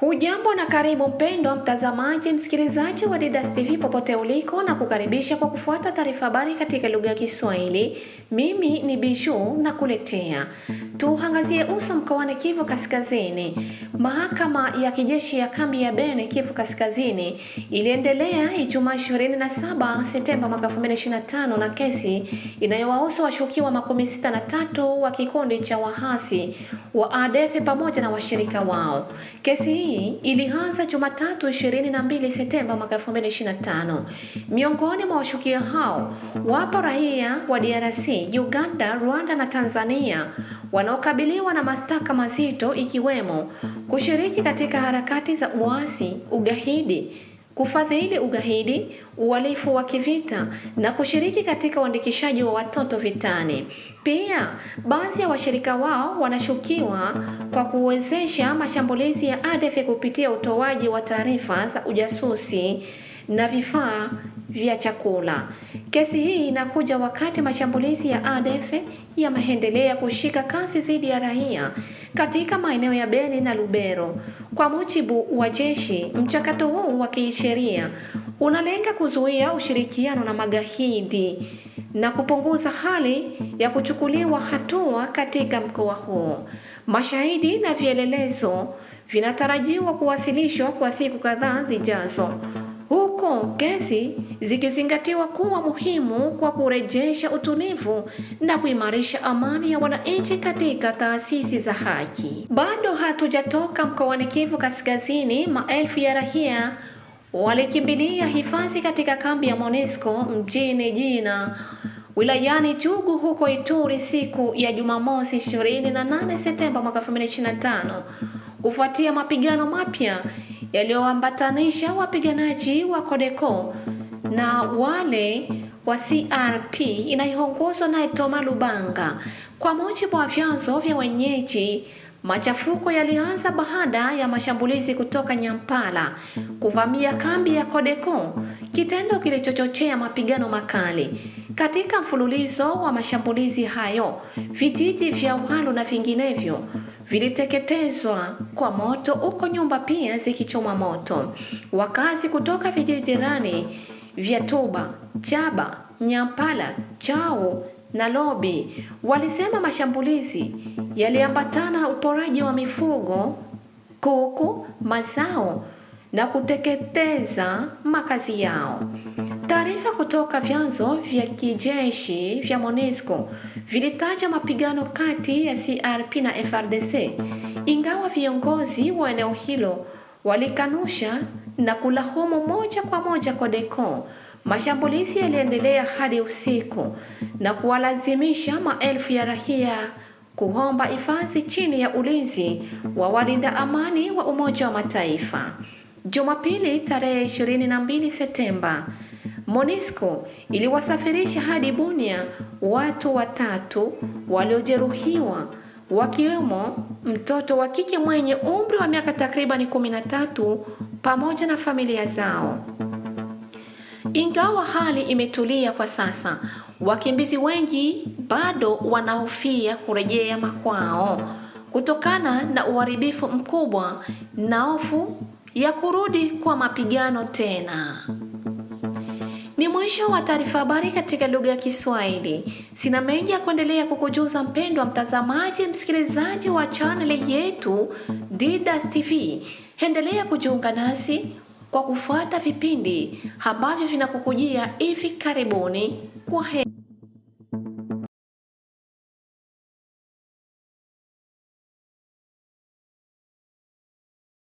Hujambo na karibu mpendwa mtazamaji, msikilizaji wa Didas TV popote uliko, na kukaribisha kwa kufuata taarifa habari katika lugha ya Kiswahili. Mimi ni Biju na kuletea tuangazie uso mkoani Kivu Kaskazini. Mahakama ya kijeshi ya kambi ya Beni, Kivu Kaskazini, iliendelea Ijumaa 27 Septemba mwaka 2025 na kesi inayowahusu washukiwa makumi sita na tatu wa kikundi cha wahasi wa ADF pamoja na washirika wao. Kesi hii ilianza Jumatatu 22 Septemba mwaka 2025. Miongoni mwa washukiwa hao wapo raia wa DRC, Uganda, Rwanda na Tanzania wanaokabiliwa na mashtaka mazito ikiwemo kushiriki katika harakati za uasi, ugaidi, kufadhili ugaidi, uhalifu wa kivita na kushiriki katika uandikishaji wa watoto vitani. Pia baadhi ya washirika wao wanashukiwa kwa kuwezesha mashambulizi ya ADF kupitia utoaji wa taarifa za ujasusi na vifaa vya chakula. Kesi hii inakuja wakati mashambulizi ya ADF yameendelea kushika kasi dhidi ya raia katika maeneo ya Beni na Lubero. Kwa mujibu wa jeshi, mchakato huu wa kisheria unalenga kuzuia ushirikiano na magaidi na kupunguza hali ya kuchukuliwa hatua katika mkoa huo. Mashahidi na vielelezo vinatarajiwa kuwasilishwa kwa siku kadhaa zijazo gesi zikizingatiwa kuwa muhimu kwa kurejesha utulivu na kuimarisha amani ya wananchi katika taasisi za haki. Bado hatujatoka mkoani Kivu Kaskazini, maelfu ya raia walikimbilia hifadhi katika kambi ya monesco mjini Jina wilayani Jugu huko Ituri siku ya Jumamosi 28 Septemba mwaka 2025 kufuatia mapigano mapya yaliyoambatanisha wapiganaji wa CODECO na wale wa CRP inayoongozwa naye Toma Lubanga. Kwa mujibu wa vyanzo vya wenyeji, machafuko yalianza baada ya mashambulizi kutoka Nyampala kuvamia kambi ya CODECO, kitendo kilichochochea mapigano makali. Katika mfululizo wa mashambulizi hayo, vijiji vya Walu na vinginevyo viliteketezwa kwa moto, huko nyumba pia zikichomwa moto. Wakazi kutoka vijiji jirani vya Tuba, Chaba, Nyampala, Chao na Lobi walisema mashambulizi yaliambatana uporaji wa mifugo, kuku, mazao na kuteketeza makazi yao. Taarifa kutoka vyanzo vya kijeshi vya MONUSCO vilitaja mapigano kati ya CRP na frdc ingawa viongozi wa eneo hilo walikanusha na kulahumu moja kwa moja CODECO. Mashambulizi yaliendelea hadi usiku na kuwalazimisha maelfu ya raia kuomba hifadhi chini ya ulinzi wa walinda amani wa Umoja wa Mataifa. Jumapili tarehe 22 Septemba MONUSCO iliwasafirisha hadi Bunia watu watatu waliojeruhiwa wakiwemo mtoto wa kike mwenye umri wa miaka takribani kumi pamoja na familia zao. Ingawa hali imetulia kwa sasa, wakimbizi wengi bado wanahofia kurejea makwao kutokana na uharibifu mkubwa na hofu ya kurudi kwa mapigano tena. Ni mwisho wa taarifa habari katika lugha ya Kiswahili. Sina mengi ya kuendelea kukujuza mpendwa mtazamaji, msikilizaji wa chaneli yetu Didas TV. Endelea kujiunga nasi kwa kufuata vipindi ambavyo vinakukujia hivi karibuni. Kwa heri.